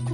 gare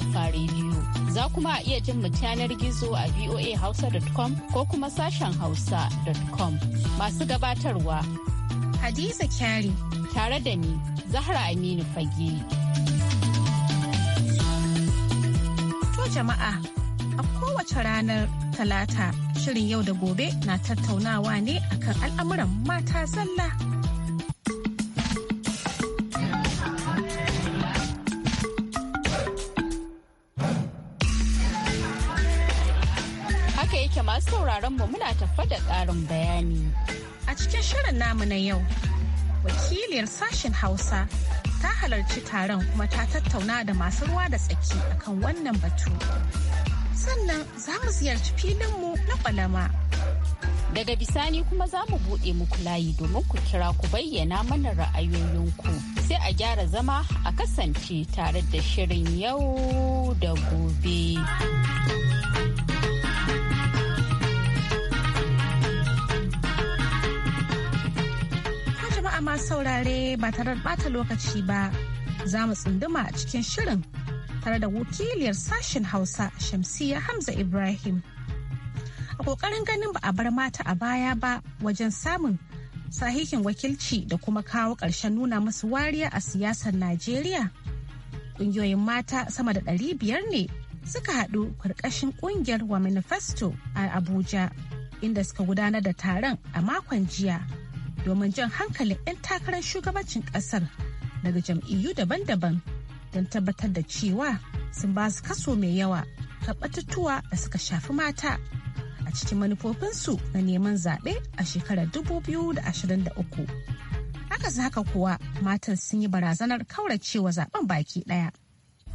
Alpha Radio. Za kuma a iya jin mu yanar gizo a voahausa.com ko kuma sashen hausa.com. Masu gabatarwa. Hadiza Kyari. Tare da ni, Zahra Aminu Fage. To jama'a, a kowace ranar talata shirin yau da gobe na tattaunawa ne akan al'amuran mata zalla. mu muna tafa da ƙarin bayani. A cikin shirin namu na yau, wakiliyar sashen Hausa ta halarci taron kuma ta tattauna da masu ruwa da tsaki akan wannan batu. Sannan za mu ziyarci filin mu na ƙwalama. Daga bisani kuma za mu buɗe muku layi domin ku kira ku bayyana mana ra'ayoyinku. Sai a gyara zama a kasance tare da shirin yau da gobe. masu saurare ba tare da bata lokaci ba za mu tsunduma a cikin shirin tare da wakiliyar sashen hausa shamsiya hamza ibrahim a kokarin ganin ba a bar mata a baya ba wajen samun sahihin wakilci da kuma kawo ƙarshen nuna musu wariya a siyasar najeriya ƙungiyoyin mata sama da ɗari biyar ne suka haɗu karkashin ƙungiyar wa manifesto a abuja inda suka gudanar da taron a makon jiya domin jan hankalin 'yan takarar shugabancin kasar daga jam'iyyu daban-daban don tabbatar da cewa sun ba su kaso mai yawa ta batutuwa da suka shafi mata a cikin manufofinsu na neman zaɓe a shekarar 2023. Aka haka kuwa matan sun yi barazanar kauracewa zaben baki ɗaya.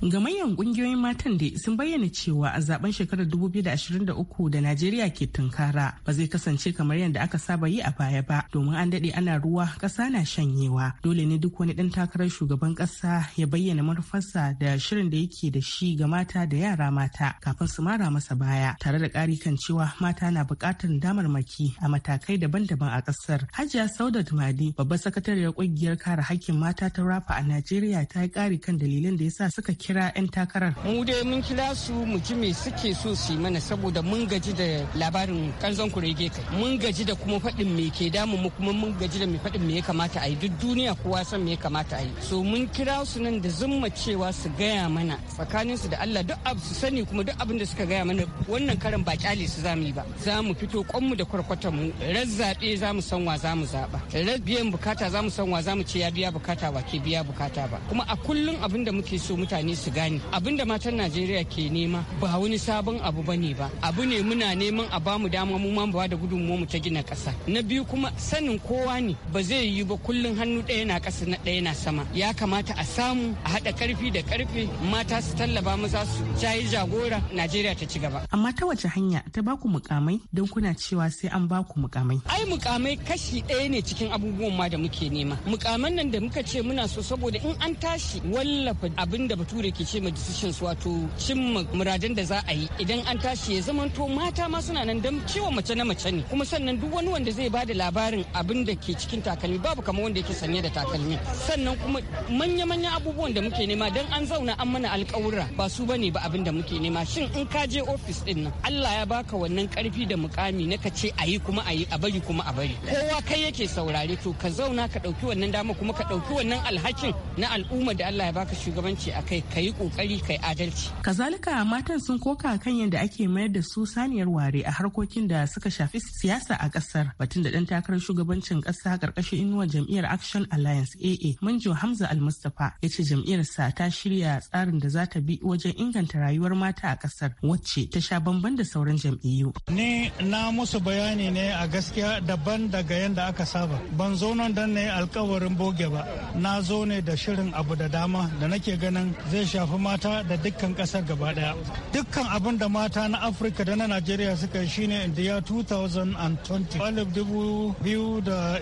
manyan kungiyoyin matan da sun bayyana cewa a zaben shekarar 2023 da Najeriya ke tunkara ba zai kasance kamar yadda aka saba yi a baya ba domin an daɗe ana ruwa ƙasa na shanyewa. Dole ne duk wani ɗan takarar shugaban ƙasa ya bayyana manufarsa da shirin da yake da shi ga mata da yara mata kafin su mara masa baya tare da ƙari kan cewa mata na buƙatar damarmaki a matakai daban-daban a ƙasar. Hajiya Saudat Madi babbar sakatariyar ƙungiyar kare hakkin mata ta rafa a Najeriya ta yi ƙari kan dalilan da yasa suka kira 'yan takarar? Mu dai mun kira su mu ji me suke so su mana saboda mun gaji da labarin kanzon kurege kai. Mun gaji da kuma faɗin me ke damu mu kuma mun gaji da me faɗin me ya kamata a yi duk duniya kowa san me ya kamata a yi. So mun kira su nan da zumma cewa su gaya mana tsakanin su da Allah duk abu su sani kuma duk abin da suka gaya mana wannan karin ba kyale su zamu yi ba. Za mu fito kwanmu da kwarkwatan mu razzaɓe za mu san wa za mu zaɓa. Biyan bukata za mu san wa za mu ce ya biya bukata wa ke biya bukata ba. Kuma a kullum abin da muke so mutane su gane abin da matan najeriya ke nema ba wani sabon abu ba ne ba abu ne muna neman a bamu dama mu ma ba da gudunmuwa mu ta gina kasa na biyu kuma sanin kowa ne ba zai yi ba kullun hannu ɗaya na ƙasa na ɗaya na sama ya kamata a samu a haɗa ƙarfi da ƙarfe mata su tallaba maza su jayi jagora najeriya ta ci gaba amma ta wace hanya ta baku mukamai don kuna cewa sai an baku mukamai ai mukamai kashi ɗaya ne cikin abubuwan ma da muke nema mukaman nan da muka ce muna so saboda in an tashi wallafa abin da bature bature ce ma decisions wato cimma muradin da za a yi idan an tashi ya zamanto mata ma suna nan don ciwon mace na mace ne kuma sannan duk wani wanda zai bada labarin abin da ke cikin takalmi babu kamar wanda yake sanye da takalmi sannan kuma manya-manyan abubuwan da muke nema don an zauna an mana alkawura ba su bane ba abin da muke nema shin in ka je ofis din nan Allah ya baka wannan karfi da mukami na ka ce ayi kuma ayi a bari kuma a bari kowa kai yake saurare to ka zauna ka ɗauki wannan dama kuma ka dauki wannan alhakin na al'umma da Allah ya baka shugabanci a kai ka yi kokari ka yi adalci kazalika matan sun koka kan yadda ake mayar da su saniyar ware a harkokin da suka shafi siyasa a kasar batun da dan takarar shugabancin kasa karkashin inuwar jam'iyyar action alliance aa manjo hamza al-Mustapha, ya ce sa ta shirya tsarin da za ta bi wajen inganta rayuwar mata a kasar wacce ta sha bamban da sauran jam'iyyu ni na musu bayani ne a gaskiya daban daga yadda aka saba ban zo nan dan ne alkawarin boge ba na zo ne da shirin abu da dama da nake ganin zai zai shafi mata da dukkan kasar gaba daya dukkan abin da mata na afirka da na najeriya suka yi shine indiya 2020 biyu da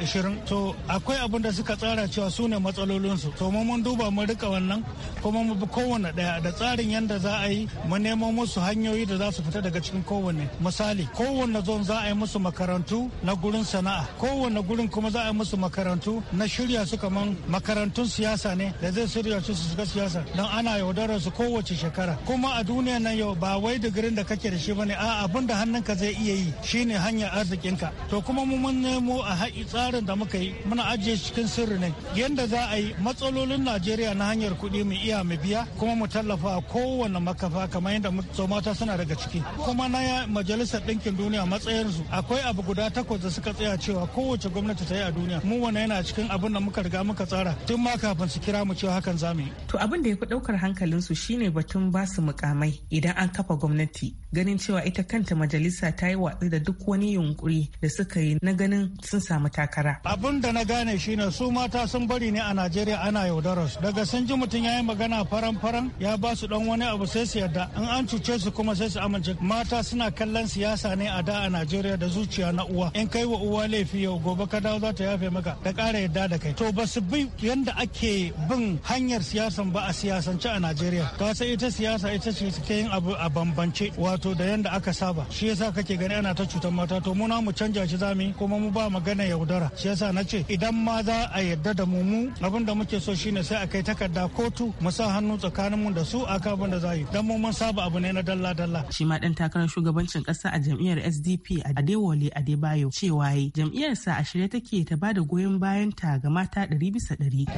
to akwai abin da suka tsara cewa su ne matsalolinsu to mu mun duba mu rika wannan kuma mu bi kowane daya da tsarin yadda za a yi mu nemo musu hanyoyi da za su fita daga cikin kowane misali kowane zon za a yi musu makarantu na gurin sana'a kowane gurin kuma za a yi musu makarantu na shirya su kaman makarantun siyasa ne da zai shirya su su shiga siyasa don ana suna yaudarar su kowace shekara kuma a duniya nan yau ba wai digirin da kake da shi bane a abin da ka zai iya yi shine hanyar ka to kuma mu mun nemo a haƙi tsarin da muka yi muna ajiye cikin sirri ne yanda za a yi matsalolin Najeriya na hanyar kuɗi mu iya mu biya kuma mu tallafa a kowane makafa kamar yadda mata suna daga ciki kuma na majalisar ɗinkin duniya matsayinsu akwai abu guda takwas da suka tsaya cewa kowace gwamnati ta yi a duniya mu wannan yana cikin abin da muka riga muka tsara tun ma kafin su kira mu cewa hakan za yi to abin da ya fi ɗaukar hankalinsu shine batun basu mukamai idan an kafa gwamnati ganin cewa ita kanta majalisa ta yi watsi da duk wani yunkuri da suka yi na ganin sun samu takara. abun da na gane shine su mata sun bari ne a Najeriya ana yaudarar su. Daga sun ji mutum ya yi magana faran-faran ya ba su dan wani abu sai su yarda in an cuce su kuma sai su amince. Mata suna kallon siyasa ne a da a Najeriya da zuciya na uwa. In kai wa uwa laifi yau gobe ka dawo za ta yafe maka da kara yarda da kai. To ba su bi yanda ake bin hanyar siyasan ba a siyasance a Najeriya ka san ita siyasa ita ce suke yin abu a bambance wato da yanda aka saba shi yasa kake gani ana ta cutar mata to mu mu canja shi zamu kuma mu ba magana yaudara shi yasa na ce idan ma za a yadda da mu mu abin da muke so shine sai a kai takarda kotu mu sa hannu tsakanin mu da su ka abin da za yi dan mu mun saba abu ne na dalla dalla shi ma dan takarar shugabancin kasa a jam'iyyar SDP a Adewale Adebayo cewa yi jam'iyyar sa a shirye take ta bada goyon bayan ta ga mata 100 bisa 100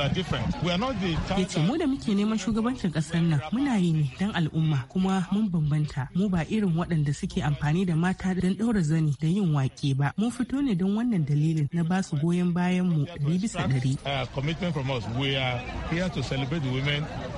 Ya ce mu da muke neman shugabancin kasar nan muna yi ne don al'umma kuma mun bambanta mu ba irin waɗanda suke amfani da mata don ɗaura zani da yin waƙe ba mu fito ne don wannan dalilin na ba su goyon bayan mu ɗari bisa ɗari.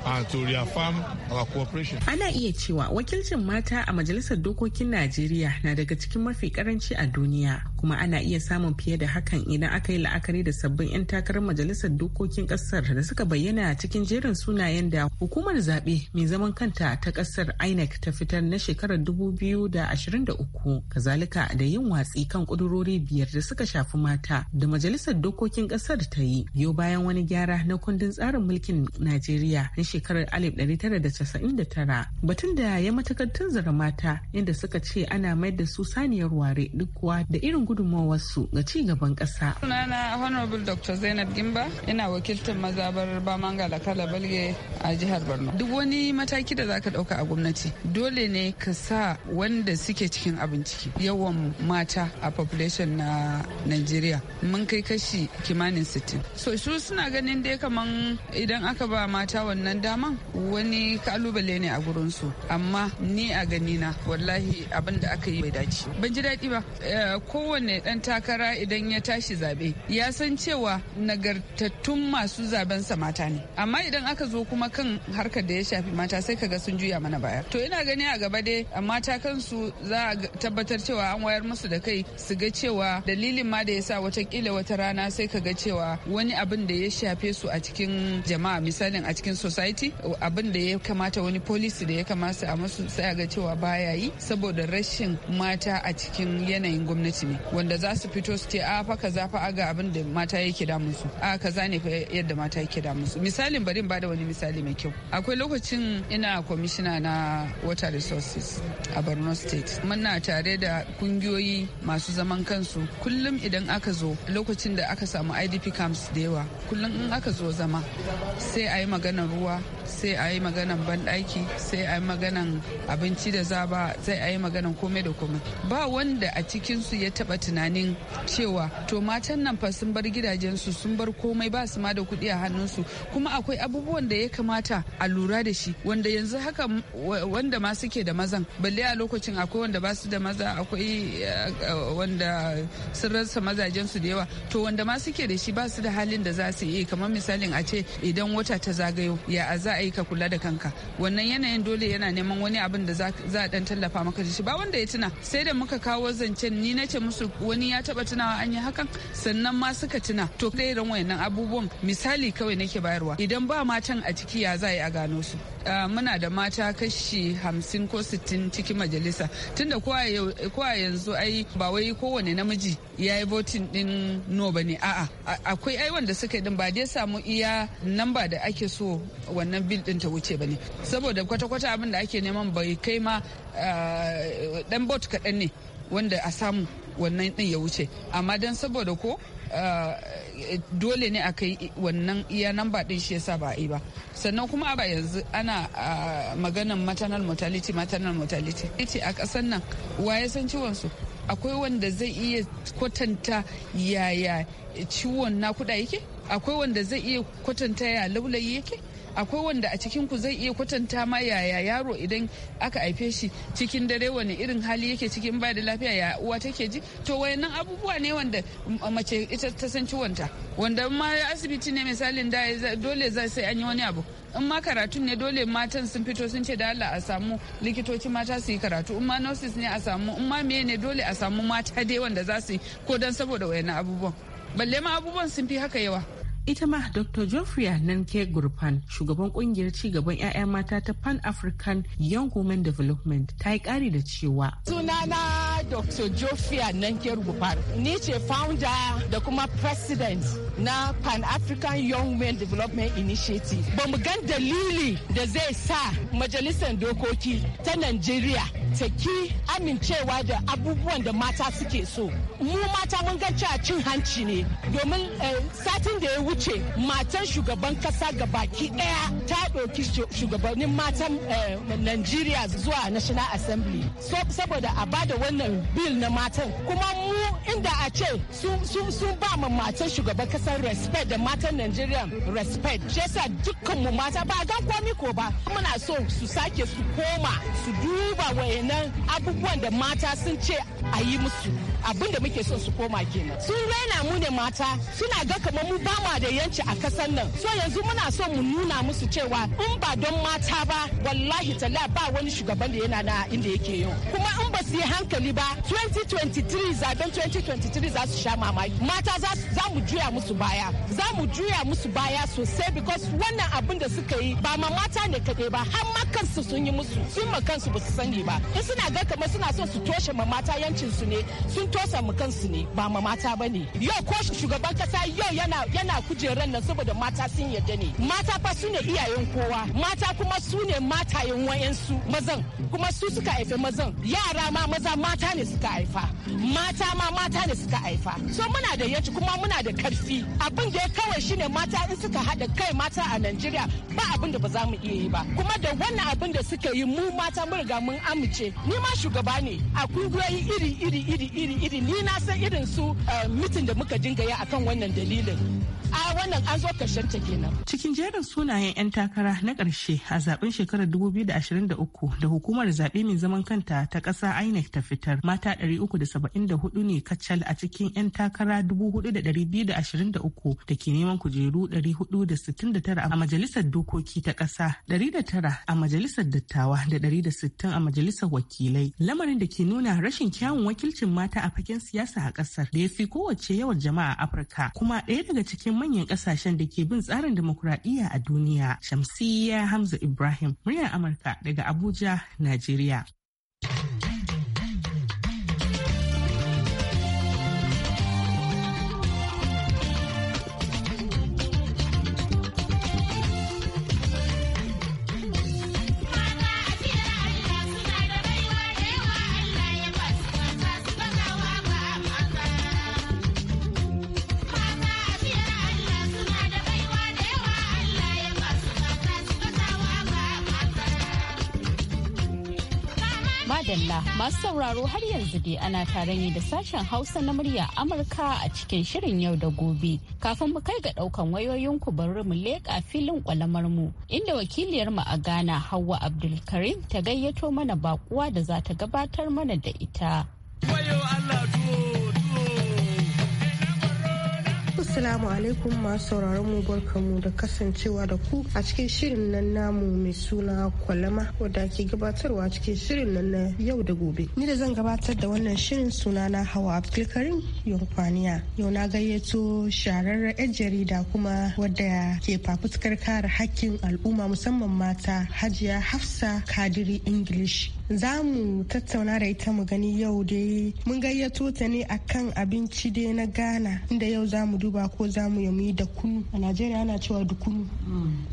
our cooperation. Ana iya cewa wakilcin mata a Majalisar Dokokin Najeriya na daga cikin mafi karanci a duniya, kuma ana iya samun fiye da hakan idan aka yi la'akari da sabbin 'yan takarar Majalisar Dokokin Kasar da suka bayyana cikin jerin sunayen da hukumar zaɓe mai zaman kanta ta kasar INEC ta fitar na shekarar 2023, kazalika da yin watsi kan kudurori biyar da suka shafi mata da Majalisar Dokokin Kasar ta yi, biyo bayan wani gyara na kundin tsarin mulkin Najeriya na shekarar 1999 batun da ya matakar zara mata inda suka ce ana mayar da su saniyar ware duk kuwa da irin gudunmawarsu ga ci gaban ƙasa. Sunana Honorable Dr. Zainab Gimba ina wakiltar mazabar Bamanga da Kala Balge a jihar Borno. Duk wani mataki da zaka ɗauka a gwamnati dole ne ka sa wanda suke cikin abin ciki yawan mata a population na nigeria mun kai kashi kimanin 60. So su suna ganin dai kaman idan aka ba mata wannan daman wani kalubale ne a gurinsu amma ni a ganina wallahi abin da aka yi bai dace ban ji daɗi ba eh, kowane ɗan takara idan ya tashi zaɓe ya san cewa nagartattun masu zaben sa mata ne amma idan aka zo kuma kan harkar da ya shafi mata sai kaga sun juya mana baya to ina gani a gaba dai mata kansu za a tabbatar cewa an wayar musu da kai su ga cewa dalilin ma da ya sa watakila wata rana sai kaga cewa wani abin da ya shafe su a cikin jama'a misalin a cikin society society abin da ya kamata wani policy da ya kamata a masu sai ga cewa baya yi saboda rashin mata a cikin yanayin gwamnati ne wanda za su fito su ce a fa kaza fa aga abin da mata yake damun su a kaza ne fa yadda mata yake damun su misalin bari ba da wani misali mai kyau akwai lokacin ina kwamishina na water resources a Borno state muna tare da kungiyoyi masu zaman kansu kullum idan aka zo lokacin da aka samu idp camps da yawa kullum in aka zo zama sai a yi maganar ruwa Yeah. sai a yi maganan banɗaki sai a yi maganan abinci da zaba sai a yi maganan komai da komai ba wanda a cikinsu ya taba tunanin cewa to matan nan fa sun bar gidajensu sun bar komai ba su ma da kuɗi a hannunsu kuma akwai abubuwan da ya kamata a lura da shi wanda yanzu haka wanda ma suke da mazan balle a lokacin akwai wanda ba su da maza akwai eh, eh, wanda sun rasa mazajensu da yawa to wanda ma suke da shi ba su da halin da za su yi kamar misalin a ce idan wata ta zagayo ya a za a yi ka kula da kanka wannan yanayin dole yana neman wani abin da za a dan tallafa maka da shi ba wanda ya tuna sai da muka kawo zancen ni na ce musu wani ya taba tunawa an yi hakan sannan ma suka tuna to da irin wayannan abubuwan misali kawai nake bayarwa idan ba matan a ciki ya za a yi a gano su muna da mata kashi hamsin ko sittin cikin majalisa tunda kowa yanzu ai ba wai kowane namiji ya yi votin din no ba ne a'a akwai ai wanda suka din ba dai samu iya namba da ake so wannan wannan bil din ta wuce ba ne saboda kwata-kwata abin da ake neman bai kai ma eh, dan bot kaɗan ne wanda a samu wannan din ya wuce amma don saboda ko eh, dole ne a kai wannan iya namba din shi yasa ba a yi ba sannan kuma ba yanzu ana eh, maganan maternal mortality maternal mortality ce a ƙasar nan wa ya san ciwon su akwai wanda zai iya kwatanta yaya ciwon nakuda yake akwai wanda zai iya kwatanta ya laulayi yake akwai wanda a cikin ku zai iya kwatanta ma yaya yaro idan aka haife shi cikin dare wani irin hali yake cikin ba da lafiya ya uwa take ji to wayannan abubuwa ne wanda mace ita ta san ciwonta wanda ma asibiti ne misalin da dole za sai an yi wani abu in ma karatun ne dole matan sun fito sun ce da Allah a samu likitoci mata su yi karatu in ma nurses ne a samu in ma meye ne dole a samu mata dai wanda za su ko dan saboda wayannan abubuwan balle ma abubuwan sun fi haka yawa ita ma dr geoffrey nanke gurfan shugaban kungiyar gaban 'ya'ya mata ta pan african young women development ta yi kari da cewa sunana dr geoffrey nanke gurfan ni ce founder da kuma president na pan african young women development initiative ba mu gan dalili da zai sa majalisar dokoki ta nigeria ta ki amincewa da abubuwan da mata suke so mu mata mun gan cewa cin hanci ne domin eh, satin da ya wuce matan shugaban kasa ga baki daya ta ɗauki shugabannin matan eh, Najeriya zuwa National Assembly. saboda a bada wannan bil na matan kuma mu inda a ce sun ba ma matan shugaban kasar respect da matan Najeriya respect. Shesa dukkan mu mata ba gan komi ko ba. Muna so su sake su koma su duba wayannan abubuwan da mata sun ce a yi musu. abin da muke son su koma kenan sun raina mu ne mata suna ga kamar mu ba da yanci a kasan nan so yanzu muna son mu nuna musu cewa in ba don mata ba wallahi talla ba wani shugaban da yana na inda yake yau kuma in ba su yi hankali ba 2023 zaben 2023 za su sha mamaki mata za mu juya musu baya za mu juya musu baya sosai because wannan abin da suka yi ba ma mata ne kaɗai ba har ma kansu sun yi musu sun ma kansu ba su sani ba in suna ga kamar suna son su toshe ma mata yancin su ne sun tosa mu kansu ne ba ma mata ba ne yau ko shugaban kasa yau yana yana kujeran nan saboda mata sun yarda ne mata fa su ne iyayen kowa mata kuma su ne matayen wayansu mazan kuma su suka haife mazan yara ma maza mata ne suka haifa mata ma mata ne suka haifa so muna da yanci kuma muna da karfi abin da ya kawai shine mata in suka haɗa kai mata a Najeriya ba abin da ba za mu iya yi ba kuma da wannan abin da suka yi mu mata mun riga mun amince ni ma shugaba ne a kungiyoyi iri iri iri iri iri ni na san irin su eh, mitin da muka dinga ya akan wannan dalilin a wannan an zo karshen ta kenan cikin jerin sunayen yan takara na ƙarshe a zaben shekarar 2023 da hukumar zaɓe mai zaman kanta ta ƙasa INEC ta fitar mata 374 ne kacal a cikin yan takara 4,223 da ke neman kujeru 469 a majalisar dokoki ta ƙasa 109 a majalisar dattawa da 160 a majalisar wakilai lamarin da ke nuna rashin kyawun wakilcin mata a fagen siyasa a ƙasar da ya fi kowace yawan jama'a Afirka kuma ɗaya daga cikin manyan kasashen da ke bin tsarin demokuraɗiyya a duniya. Shamsiyya Hamza Ibrahim, muryar Amurka daga Abuja, Najeriya. sauraro har yanzu dai ana tare ne da sashen Hausa na murya Amurka a cikin shirin yau da gobe. Kafin mu kai ga daukan ku bari mu leƙa filin kwalamar mu inda wakiliyar mu a Ghana Hauwa Abdulkarim ta gayyato mana bakuwa da za ta gabatar mana da ita. Allah Assalamu alaikum masu sauraron mu barkamu da kasancewa da ku a cikin shirin nan namu mai suna kwalama wadda ke gabatarwa cikin shirin nan na yau da gobe. Ni da zan gabatar da wannan shirin suna na hawa Abdulkarim Yankwaniya. Yau na gayyato shararren 'yan jarida kuma wadda ke fafutukar kare hakkin al'umma musamman mata Hajiya Hafsa Kadiri English. Za mu tattauna da ita mu gani yau dai mun gayyato ta ne akan abinci dai na Ghana inda yau za mu duba cewa ko za mu yi da kunu a najeriya ana cewa da kunu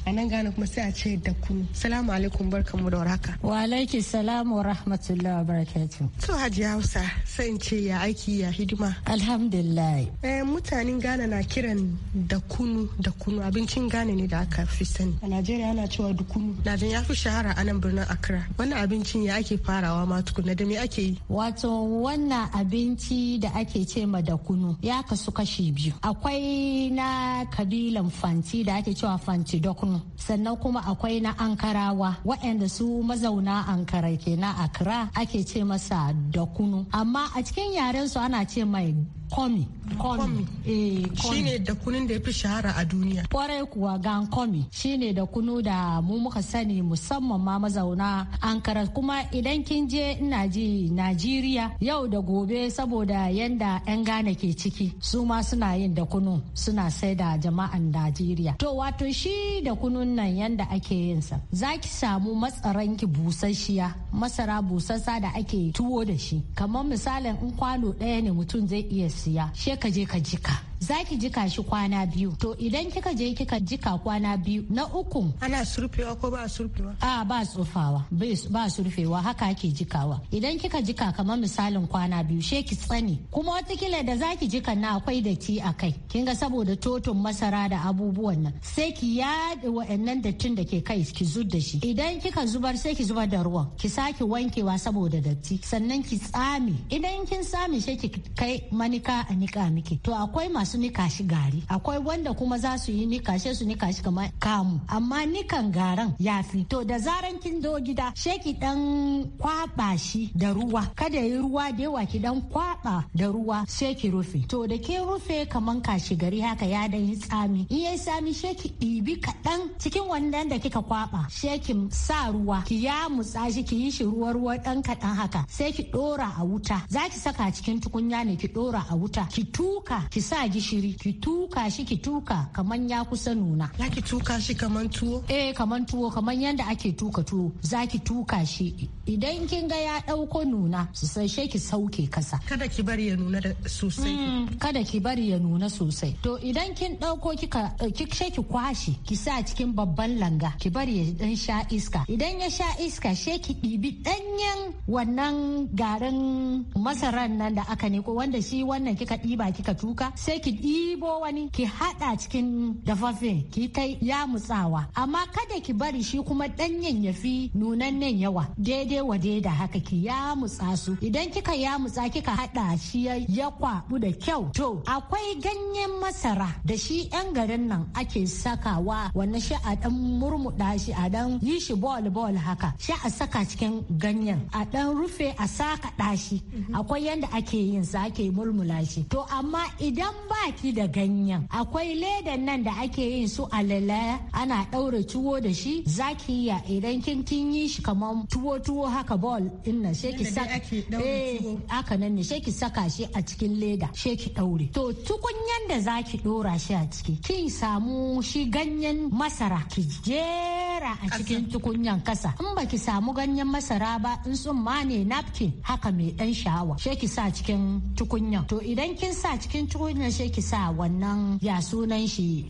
a nan gane kuma sai a ce da kunu salamu alaikum barkanmu da waraka wa alaiki salamu wa rahmatullahi wa barakatu to hajji hausa sai in ce ya aiki ya hidima alhamdulillah eh mutanen ghana na kiran da kunu da kunu abincin ghana ne da aka fi sani a najeriya ana cewa da kunu na ya fi shahara a nan birnin accra wannan abincin ya ake farawa ma tukuna da me ake yi wato wannan abinci da ake ce ma da kunu ya kasu kashi biyu akwai akwai na kabilan fanti da ake cewa fanti dokno sannan kuma akwai na ankarawa waɗanda su mazauna ankara ke na akra ake ce masa dokunu amma a cikin yaren su ana ce mai komi komi eh komi shine da kunun da yafi shahara a duniya kwarai kuwa gan komi shine da kunu da mu muka sani musamman ma mazauna Ankara kuma idan kin je ina ji Najeriya yau da gobe saboda yanda yan Ghana ke ciki su ma suna yin da kunu suna sai da jama'an Najeriya to wato shi da kunun nan yanda ake yin sa zaki samu matsaranki busasshiya masara busassa da ake tuwo da shi kamar misalin in kwano ɗaya ne mutum zai iya siya she ka je ka jika za ki jika shi kwana biyu to idan kika je kika jika kwana biyu na uku ana surfewa ko ba surfewa a ba tsufawa ba surfewa haka ake jikawa idan kika jika kamar misalin kwana biyu she ki tsani kuma watakila da zaki jika na akwai datti a kai kin ga saboda totun masara da abubuwan nan sai ki yaɗa wa'annan dattin da ke kai ki zub da shi idan kika zubar sai ki zubar da ruwan ki sake wankewa saboda datti sannan ki tsame idan kin tsame sai ki kai manika a nika miki to akwai masu masu nika shi gari akwai wanda kuma za su yi nika shi su nika shi kamar kamu amma nikan garan ya fi to da zaran kin do gida sheki dan kwaba shi da ruwa kada yi ruwa da yawa ki dan kwaba da ruwa sheki rufe to da ke rufe kaman kashi gari haka ya dan yi tsami in yayi tsami sheki ɗibi kaɗan cikin wannan da kika kwaba sheki sa ruwa ki ya mutsa shi ki yi shi ruwa ruwa dan kaɗan haka sai ki ɗora a wuta za ki saka cikin tukunya ne ki ɗora a wuta ki tuka ki sa gishiri ki tuka shi ki tuka kaman ya kusa nuna za ki tuka shi kaman tuwo eh kaman tuwo kaman yanda ake tuka tuwo za ki tuka shi idan kin ga ya dauko nuna sosai ki sauke kasa kada ki bari ya nuna da sosai mm, kada ki bari ya nuna sosai to idan kin dauko kika uh, ki ki kwashi ki sa cikin babban langa ki bari ya dan sha iska idan ya sha iska she ki ɗibi ɗanyen wannan garin masaran nan da aka ne ko wanda shi wannan kika ɗiba kika tuka sai ki ki ɗibo wani ki haɗa cikin dafaffe ki ta mutsawa amma kada ki bari shi kuma ɗanyen ya fi nunannen yawa daidai wa da haka ki ya mutsa su idan kika ya mutsa kika haɗa shi ya kwaɓu da kyau to akwai ganyen masara da shi 'yan garin nan ake sakawa wannan shi a ɗan murmuɗa shi a ɗan yi shi bol bol haka shi a saka cikin ganyen a ɗan rufe a saka ɗashi mhm. akwai yanda ake yin sa ake murmula shi to amma idan ba baki da ganyen akwai ledan nan da ake yin su alala ana ɗaure tuwo da shi zaki iya idan kin kin yi shi kamar tuwo tuwo haka ball din nan sheki saka eh aka nan ne sheki saka shi a cikin leda sheki ɗaure to tukunyan da zaki ɗora shi a ciki kin samu shi ganyen masara ki jera a cikin tukunyan kasa in baki samu ganyen masara ba in sun ma ne napkin haka mai ɗan sha'awa sheki sa cikin tukunyan to idan kin sa cikin tukunyan sai sa wannan ya sunan shi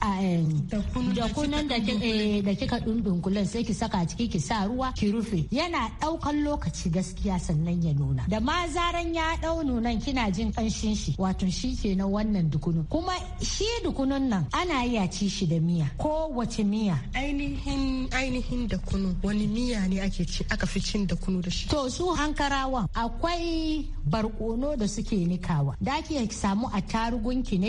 da kunan da eh, kika dundunkulen sai ki saka ciki ki sa ruwa ki rufe yana daukan lokaci gaskiya sannan ya nuna da ma zaran ya dau nunan kina jin kanshin shi wato shi kenan wannan dukunu kuma shi dukunun nan ana iya ci shi da miya ko wace miya ainihin ainihin da kunu wani miya ne ake ci aka fi cin da kunu da shi to su hankarawan akwai barkono da suke nikawa da ki samu a tarugunki ne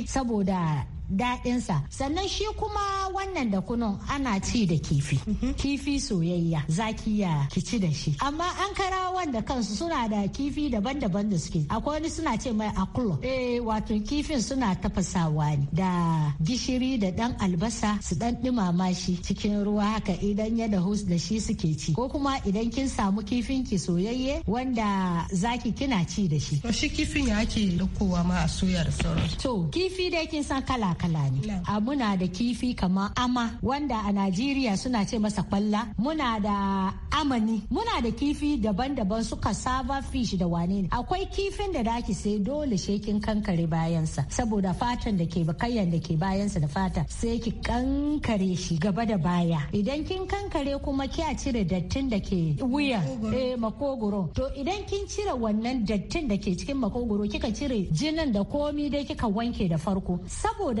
saboda daɗinsa sannan shi kuma wannan da kunun ana ci da kifi mhm. kifi soyayya zaki ya kici da shi amma an kara wanda kansu suna da kifi daban-daban da suke akwai wani suna ce mai akulo eh wato kifin suna tafasawa ne da gishiri da dan albasa su dan dumama shi cikin ruwa haka idan ya dahu da shi suke ci ko kuma idan kin samu kifin ki soyayye wanda zaki kina ci da shi shi kifin ya ake dakowa ma a soyar sauran to kifi dai kin san kala kala ne. A muna da kifi kamar ama wanda a Najeriya suna ce masa kwalla. Muna da amani. Muna da kifi daban-daban suka saba fish da wane ne. Akwai kifin da daki sai dole shekin kankare bayansa. Saboda fatan da ke bakayyan da ke bayansa da fata sai ki kankare shi gaba da baya. Idan kin kankare kuma ki a cire dattin da ke wuya. Eh makogoro. To idan kin cire wannan dattin da ke cikin makogoro kika cire jinin da komi dai kika wanke da farko. Saboda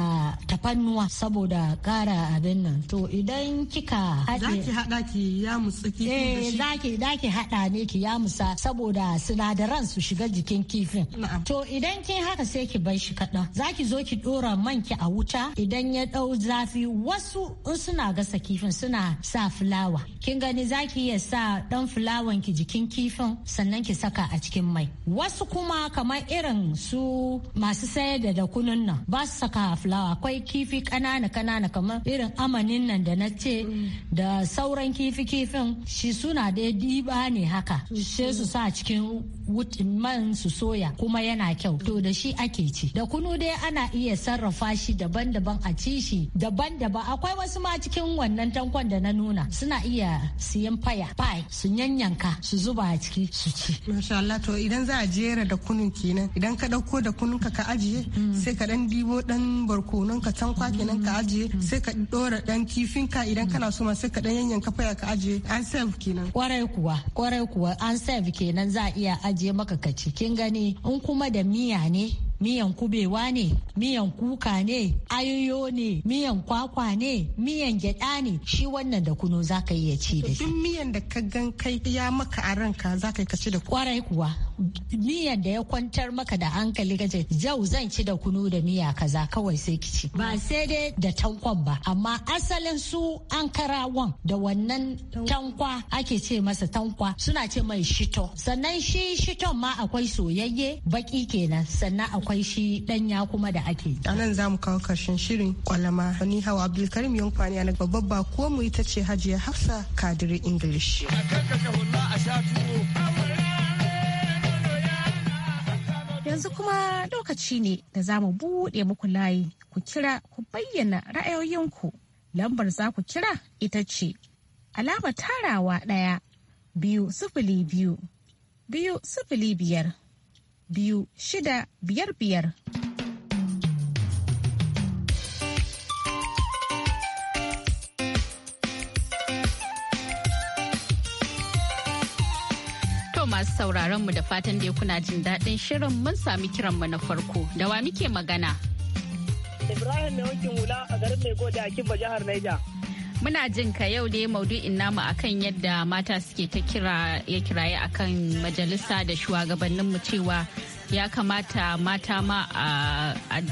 tafannuwa saboda kara abin nan to idan kika zaki hada ki ya musa kifin eh zaki zaki hada ne ki ya musa saboda sinadaran su shiga jikin kifin to idan kin haka sai ki bar shi kadan zaki zo ki dora man ki a wuta idan ya dau zafi wasu in suna gasa kifin suna sa fulawa kin gani zaki iya sa dan fulawan ki jikin kifin sannan ki saka a cikin mai wasu kuma kamar irin su masu sayar da dakunan nan ba su saka fulawa fulawa akwai kifi kanana kanana kamar irin amanin nan da na ce da sauran kifi kifin shi suna da diba ne haka sai su sa cikin man su soya kuma yana kyau to da shi ake ci da kunu dai ana iya sarrafa shi daban-daban a ci shi daban-daban akwai wasu ma cikin wannan tankon da na nuna suna iya siyan faya pie su yanyanka su zuba a ciki su ci masha Allah to idan za a jera da kunun kenan idan ka dauko da kunun ka ka ajiye mm. sai ka dan dibo dan barkonon ka tankwa kenan ka ajiye sai ka dora dan kifin ka idan kana so ma sai ka dan yanyanka faya ka ajiye an serve kenan kwarai kuwa kwarai kuwa an serve kenan za a iya ajiye maka ka cikin gani in kuma da miya ne miyan kubewa ne miyan kuka ne ayoyo ne miyan kwakwa ne miyan gyada ne shi wannan da kuno za ka iya ci da shi duk miyan da ka gan kai ya maka a ranka za ka ci da kwarai kuwa miyan da ya kwantar maka da hankali gaje yau zan ci da kunu da miya kaza kawai sai ki ci ba sai dai da tankwan ba amma asalin su an karawan da wannan tankwa ake ce masa tankwa suna ce mai shito sannan shi shiton ma akwai soyayye baki kenan sannan akwai akwai shi danya kuma da ake a nan za mu kawo karshen shirin kwalama ni hawa abdulkarim yankwani a babbar ba ko mu ita ce hajiya hafsa kadiri english yanzu kuma lokaci ne da za mu buɗe muku layi ku kira ku bayyana ra'ayoyinku lambar za ku kira ita ce alama tarawa ɗaya biyu sifili biyu biyu sifili biyar biyu shida biyar biyar. masu sauraron mu da fatan da kuna jin daɗin shirin mun sami kiran mu na farko da wa muke magana. Ibrahim mai wankin hula a garin mai a jihar Niger. Muna jin ka yau dai maudu'in namu akan yadda mata suke ta kira ya kiraye akan majalisa da shugabanninmu cewa ya kamata mata ma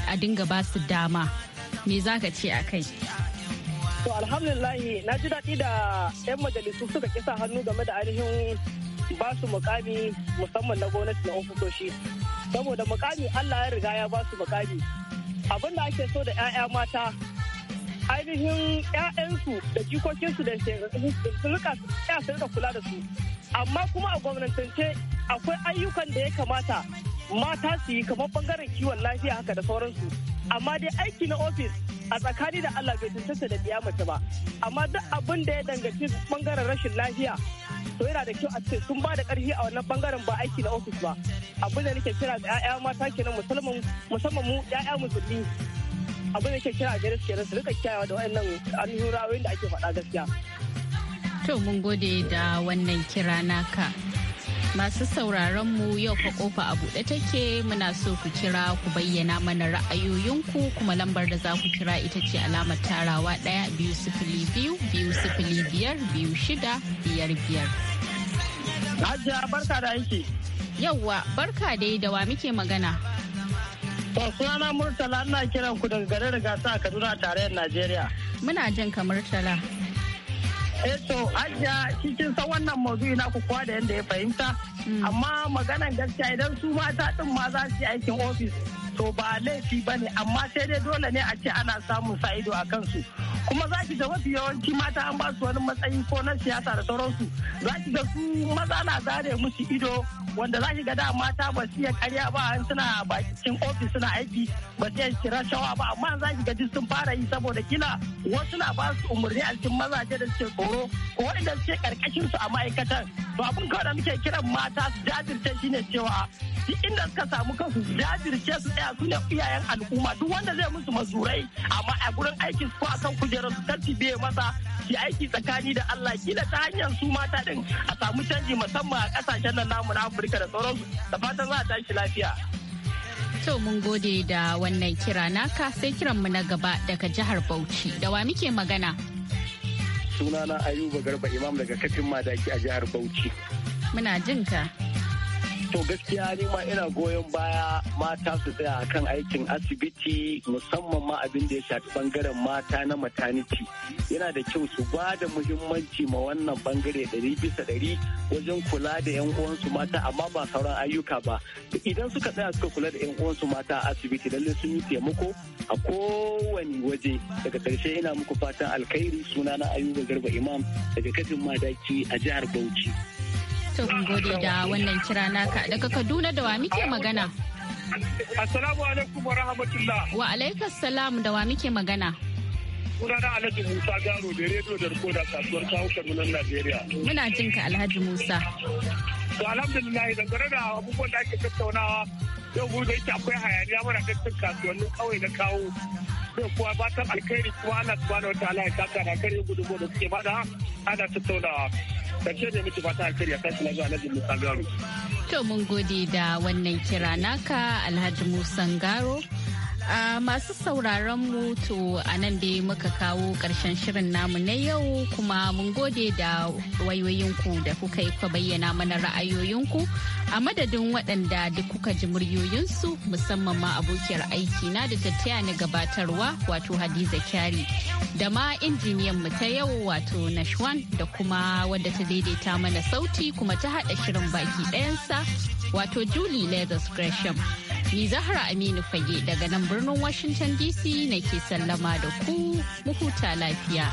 a dinga ba su dama. Me za ka ce a kai? To alhamdulillah na ji daɗi da 'yan majalisu suka kisa hannu game da ainihin ba su mukami musamman na gwamnati na ofisoshi. Saboda mukami Allah ya riga ya ba su mukami. Abin da ake so da 'ya'ya mata ainihin 'ya'yansu da jikokinsu da su su kula da su amma kuma a gwamnatance akwai ayyukan da ya kamata mata su yi kamar bangaren kiwon lafiya haka da sauransu amma dai aiki na ofis a tsakani da Allah bai tuntunta da biya mace ba amma duk abin da ya danganci bangaren rashin lafiya to yana da kyau a ce sun ba da karfi a wannan bangaren ba aiki na ofis ba abin da nake kira ga 'ya'ya mata kenan musamman musamman mu 'ya'ya musulmi abin da ke kira gare su kenan su rika kyawa da wayannan annurawoyin da ake faɗa gaskiya to mun gode da wannan kira naka Masu sauraron mu yau fa kofa a buɗe take muna so ku kira ku bayyana mana ra'ayoyinku kuma lambar da za ku kira ita ce alamar tarawa ɗaya biyu sifili biyu biyu sifili biyar biyu shida biyar biyar. Hajiya barka da yanki. Yawwa barka dai da wa muke magana. To sunana Murtala ana kiran ku daga garin gasa a Kaduna tarayyar Najeriya. Muna jin ka Murtala. Eh to Hajiya cikin san wannan maudu'i na ku kowa da yadda ya fahimta. Mm. Amma maganan gaskiya idan su mata din ma za su yi aikin ofis to ba laifi ba ne amma sai dai dole ne a ce ana samun saido a kansu kuma za ki ga mafi yawanci mata an ba su wani matsayi ko na siyasa da sauransu za ki ga su maza na zare musu ido wanda za ki ga da mata ba su iya karya ba an suna bakin ofis suna aiki ba su iya kira shawa ba amma za ki ga duk sun fara yi saboda kila wasu na ba su umarni a cikin mazaje da suke tsoro ko waɗanda suke karkashin su a ma'aikatan to abin kawai da muke kiran mata su jajirce shine cewa duk inda suka samu kansu jajirce su tsaya su ne iyayen al'umma duk wanda zai musu mazurai amma a gurin aiki a kan kujerar su tarti biye masa shi aiki tsakani da Allah kila ta hanyar su mata din a samu canji musamman a kasashen nan namu na Afirka da sauransu da fatan za a tashi lafiya. To mun gode da wannan kira naka sai kiran mu na gaba daga jihar Bauchi da wa muke magana. Sunana Ayuba Garba Imam daga kafin madaki a jihar Bauchi. Muna jinka ka. To gaskiya ni ma ina goyon baya mata su tsaya kan aikin asibiti musamman ma abin da ya shafi bangaren mata na mataniti. Yana da kyau su ba da muhimmanci ma wannan bangare ɗari bisa ɗari wajen kula da 'yan uwansu mata amma ba sauran ayyuka ba. Idan suka tsaya suka kula da 'yan uwansu mata a asibiti lallai sun yi taimako a kowane waje. Daga ƙarshe ina muku fatan alkhairi sunana Ayuba Garba Imam daga kafin madaki a jihar Bauchi. to mun gode da wannan kira naka daga Kaduna da wa muke magana. Assalamu alaikum wa rahmatullah. Wa alaikum salam da wa muke magana. sunana Alhaji Musa Garo da rediyo da riko da kasuwar kawo Kaduna Najeriya. Muna jin ka Alhaji Musa. To alhamdulillah gare da abubuwan da ake tattaunawa yau gobe yake akwai hayaniya mara dattin kasuwannin kawai na kawo sai kuwa ta alkhairi kuma Allah subhanahu wataala ya kaka da kare gudunmu da suke bada ana tattaunawa. karshe da miki fata alkhairi a shi na zuwa na musa garo to mun gode da wannan kira naka alhaji musa garo 'a masu sauraron mu to a nan dai muka kawo ƙarshen shirin namu na yau kuma mun gode da wayoyinku da kuka yi bayyana mana ra'ayoyinku a madadin waɗanda duk kuka ji muryoyinsu musamman ma abokiyar aiki na da tattaya na gabatarwa wato hadiza kyari da ma injiniyan mu ta yau wato nashwan da kuma wadda ta daidaita mana sauti kuma ta haɗa shirin baki ɗayansa wato julie leathers gresham Ni Zahra Aminu Fage daga nan birnin Washington DC nake sallama da ku, mu huta lafiya.